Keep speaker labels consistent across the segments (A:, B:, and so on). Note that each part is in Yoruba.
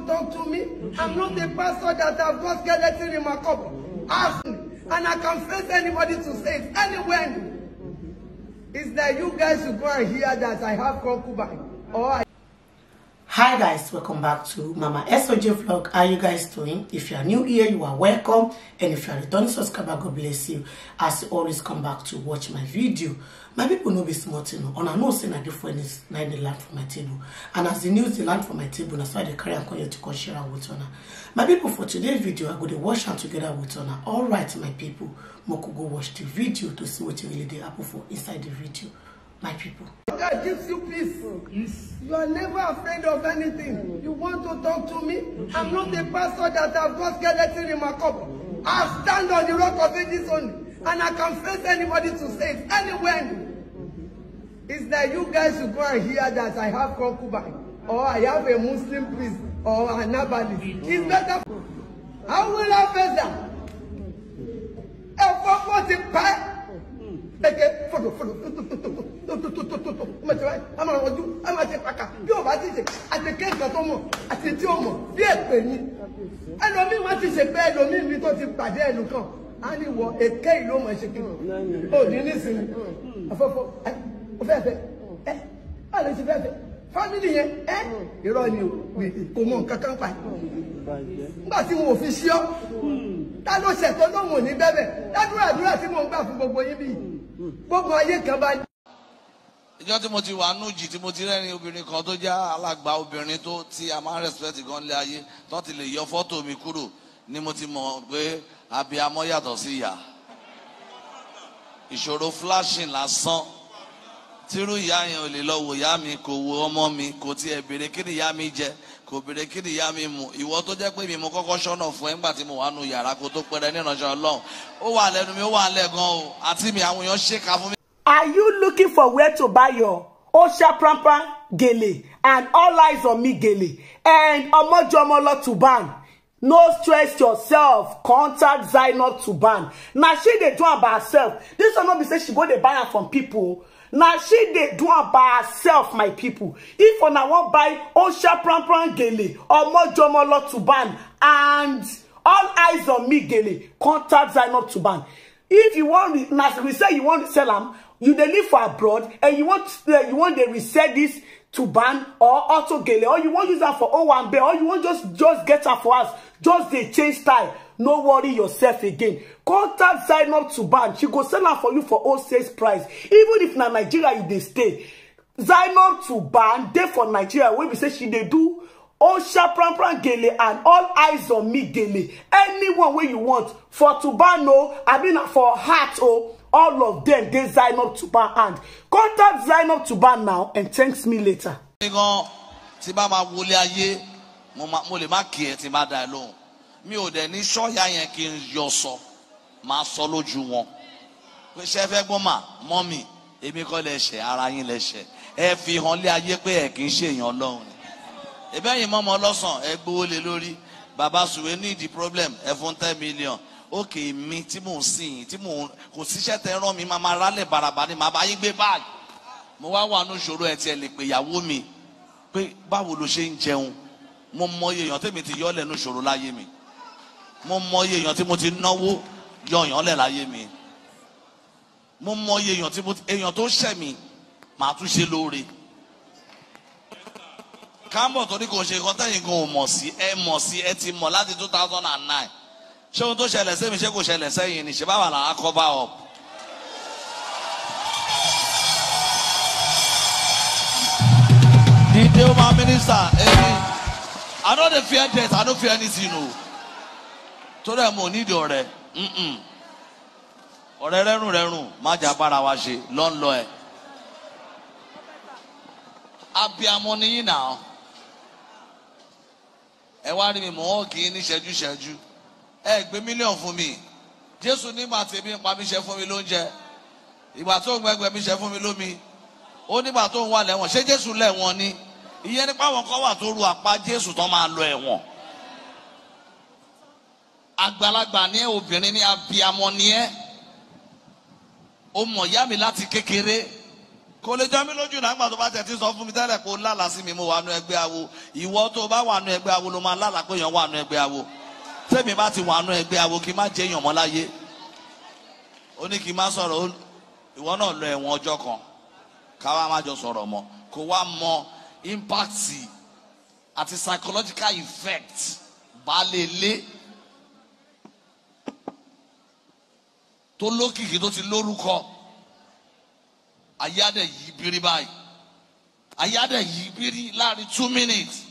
A: to talk to me. I'm not the pastor that I've got skeleton in my cupboard. Ask me. And I can face anybody to say it anywhere. It's that you guys should go and hear that I have concubine. Or I
B: hi guys welcome back to mama soj vlog how are you guys doing if you are new here you are welcome and if you are returning subscriber god bless you as you always come back to watch my video my people know be small thing and i know say na different is na dey land for my table and as the news the land for my table na so i dey carry am come here to come share am with una my people for today's video i go dey watch am together with una all right my people make we go watch the video to see wetin really dey happen for inside the video my
A: people. God gives you peace. Yes. You are never afraid of anything. You want to talk to me? I'm not the pastor that I've got skeleton in my cup. I stand on the rock of ages only. And I can face anybody to say it anywhere. It's that you guys should go and hear that I have concubine. Or I have a Muslim priest. Or an abalist. It's better. How will I face that? A 440 pie. Take it. Follow, follow tòtòtòtòtò mẹtẹrẹ a máa rọjú a máa ṣe pàkà bí o bá ti ṣe àti kẹ́kọ̀ọ́ tó mọ̀ àti tí o mọ̀ bí èpè ni ẹlòmíì wá ti ṣe pé ẹlòmíì mi tó ti pàdé ẹnìkan á ní wọ èké ìlú ọmọ ẹṣẹ kí o ní nísìnyí afọfọ ọfẹẹfẹ ẹ báyìí ti fẹẹfẹ fámìlì yẹn ẹ irọ́ ni o kò mọ nǹkan kan pa nígbà tí wọn ò fi ṣíọ́ ta ló ṣẹ̀tọ́ lóhùn ní bẹ́ẹ̀ bẹ́ẹ̀ ládùúrà àdúrà tí mò ń gbà fún gbogbo yín bíi gbogbo ayé kan bá
C: ìjọ tí mo ti wà nù jì tí mo ti rẹ́rìn obìnrin kan tó jẹ́ alàgbà obìnrin tó tí a máa ń respect gan lé ayé tó ti lè yọ fọ́tò mi kúrò ni mo ti mọ̀ pé abiyamọ yàtọ̀ sí ìyá ìṣòro flashing lásán tírú ìyá yẹn ò lè lọ wò ìyá mi kò wo ọmọ mi kò tiẹ̀ béèrè kí ni ìyá mi jẹ kò béèrè kí ni ìyá mi mu ìwọ tó jẹ́ pé mi mo kọ́kọ́ sọ́nà fún ẹ nígbà tí mo wà nù yàrá kó tó pẹ́rẹ́ ní ìrànṣẹ́ ọlọ́run ó wà lẹ́nu mi ó wà lẹ́gan o àti mi àwọn èèyàn ṣèkà fún mi.
D: Are you looking for where to buy your Osha Prampa Gele and all eyes on me Gele and Omojomolo Tuban? No stress yourself. Contact Zainab Tuban. Now she dey do am by herself. This one not be say she go dey buy am from people. Now she dey do am by herself, my people. If una want buy Osha Prampa Gele, or Omojomolo Tuban and all eyes on me Gele, contact Zainab Tuban. If you want, na we say you wan sell them you dey live for abroad and you want you want dey resell this to ban or auto gale or you want use that for O one owambe or you want just just get her for us just dey change style no worry yourself again contact sign up to ban she go sell her for you for wholesale price even if na nigeria you dey stay sign up to ban dey for nigeria where we say she they do osha prampran gele and all eyes on me gele anyone wey you want for tubano i mean for heart o oh. all of dem dey zainab tuba hand contact sign zainab tuba now and thanks me later.
C: mi gan tí bá
D: máa wọlé ayé
C: mo lè má kí ẹ tí má da ẹ lóhùn mi ò dẹ̀ ní sọ́ọ̀yà yẹn kí n yọ sọ máa sọ lójú wọn pé ṣe fẹ́ gbọ́n mà èmi kọ́ lẹ ara yín lẹ ẹ fi hàn lé ayé pé ẹ kì í ṣèyàn ọlọ́run ìbẹ́yìn mọ́mọ́ lọ́sàn ẹ gbowó lé lórí bàbá sùwé ní the problem ẹ fún ten million ókè mi tí mò ń sìn tí mò ń kò síṣẹ́ tẹ rán mi máa máa rálẹ̀ bàràbà ni màá bá yín gbé báàgì mo wá wà nù ṣòro ẹ tiẹ̀ lè pè ìyàwó mi pé báwo ló ṣe ń jẹun mo mọ iye èèyàn tèmi ti yọ ọ́ lẹ̀ nù ṣòro láyé mi mo mọ iye èèyàn tí mo ti náwó yọ èèyàn lẹ̀ láyé mi mo mọ iye èèyàn tí mo ti èèyàn tó ṣẹ̀ mi màá tún ṣe lóore kámbọ̀ torí kò ṣe nǹkan tẹ̀yìn kan ò mọ̀ sí ẹ mọ̀ sí ẹ ti mọ̀ láti two thousand and nine ṣé ohun tó ṣẹlẹ̀ sẹ́mi ṣé kò ṣẹlẹ̀ sẹ́yìn ni ṣé báwa làá cover up. dìde o ma minister ẹni I no dey fear death I no fear anything o torí ẹ mo ní ìdí ọ̀rẹ́ ọ̀rẹ́ rẹ́rùn rẹ́rùn má jà bára wa ṣe lọ́nlọ́ ẹ̀ abiamọ nìyí náà ẹ wá rí mi mọ̀ ọ́ kì í ní ṣẹ́jú ṣẹ́jú ẹ gbé mílíọ̀nù fún mi jésù nígbà tí ebi ń pa mí ṣe fún mi lóúnjẹ ìgbà tó ń gbẹgbẹ mi ṣe fún mi lómi ó nígbà tó ń wà lẹ́wọ̀n ṣé jésù lẹ́wọ̀n ni ìyẹn nípa àwọn kan wà tó ru àpá jésù tó máa lọ ẹ̀wọ̀n àgbàlagbà ni ẹ obìnrin ni abiyamọ ni ẹ ó mọ̀ yá mi láti kékeré kò lè jọ mí lójú náà nígbà tó bá tẹ̀sí sọ fún mi tẹ́lẹ̀ kó lálàá sí mi mo wà nú ẹgbẹ́ awo ìwọ tó bá wà nú ẹgbẹ́ awo ló máa lálàá pé èèyàn wà nú ẹgbẹ́ awo tèmi bá ti wà nú ẹgbẹ́ awo kí n má jẹ́ èèyàn mọ́ láyé ó ní kí n má sọ̀rọ̀ ìwọ náà lọ ẹ̀wọ̀n ọjọ́ kan káwa má jọ sọ̀rọ̀ mọ́ kó wá mọ impact àti psychological effect bá lè lé tó lókìkí tó ti lórúkọ ayé adẹ yìí biri báyìí ayé adẹ yìí biri láàrin two minutes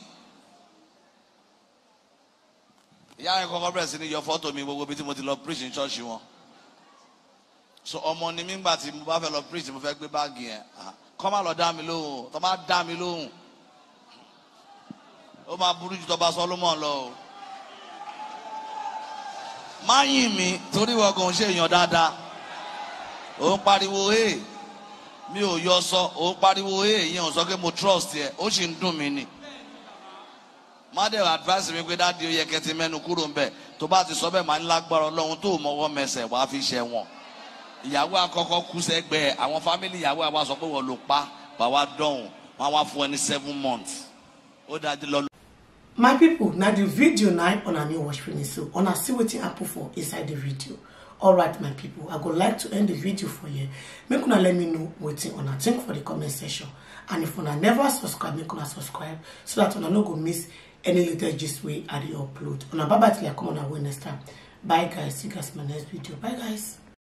C: ìyá yẹn kọ́kọ́ bẹ̀rẹ̀ sí ni yọ fọ́tò mi gbogbo bí tí mo ti lọ preach ní ṣọ́ọ̀ṣì wọn so ọmọ ni mí gbà tí mo bá fẹ́ lọ preach mo fẹ́ gbé báàgì yẹn ah, kọ́ má lọ dá mi lóhùn tó má dá mi lóhùn ó máa burú ju tọba Solomon lọ o má yìn mí torí wọ́n kò ń ṣe èèyàn dáadáa òun pariwo hey mi ò yọ sọ ò pariwo èèyàn sọ pé mo trust yẹ ó sì ń dùn mí ni má advice mi pé dáàdi ó yẹ kẹ́ mẹ́nu kúrò ńbẹ̀ tó bá ti sọ bẹ́ẹ̀ máa ń lágbára ọlọ́run tó mọ́wọ́ mẹsẹ̀ wàá fi ṣẹ wọn ìyàwó àkọ́kọ́ kú sẹ́gbẹ̀ẹ́ àwọn fámìlì ìyàwó àwa sọ pé wọ́n ló pa bàwa dọ̀hùn wọn wá fún ẹ ní seven months ó dájú lọ.
B: my people, na the video na una new watch finish so una see wetin happen for inside the video All right, my people. i go like to end the video for you. make una let me know wetin una think for the comment section and if una never subscribe make una subscribe so dat una no go miss any little gist way i dey upload una bye bye till i come on our next time bye guys see you guys in
A: my next video bye guys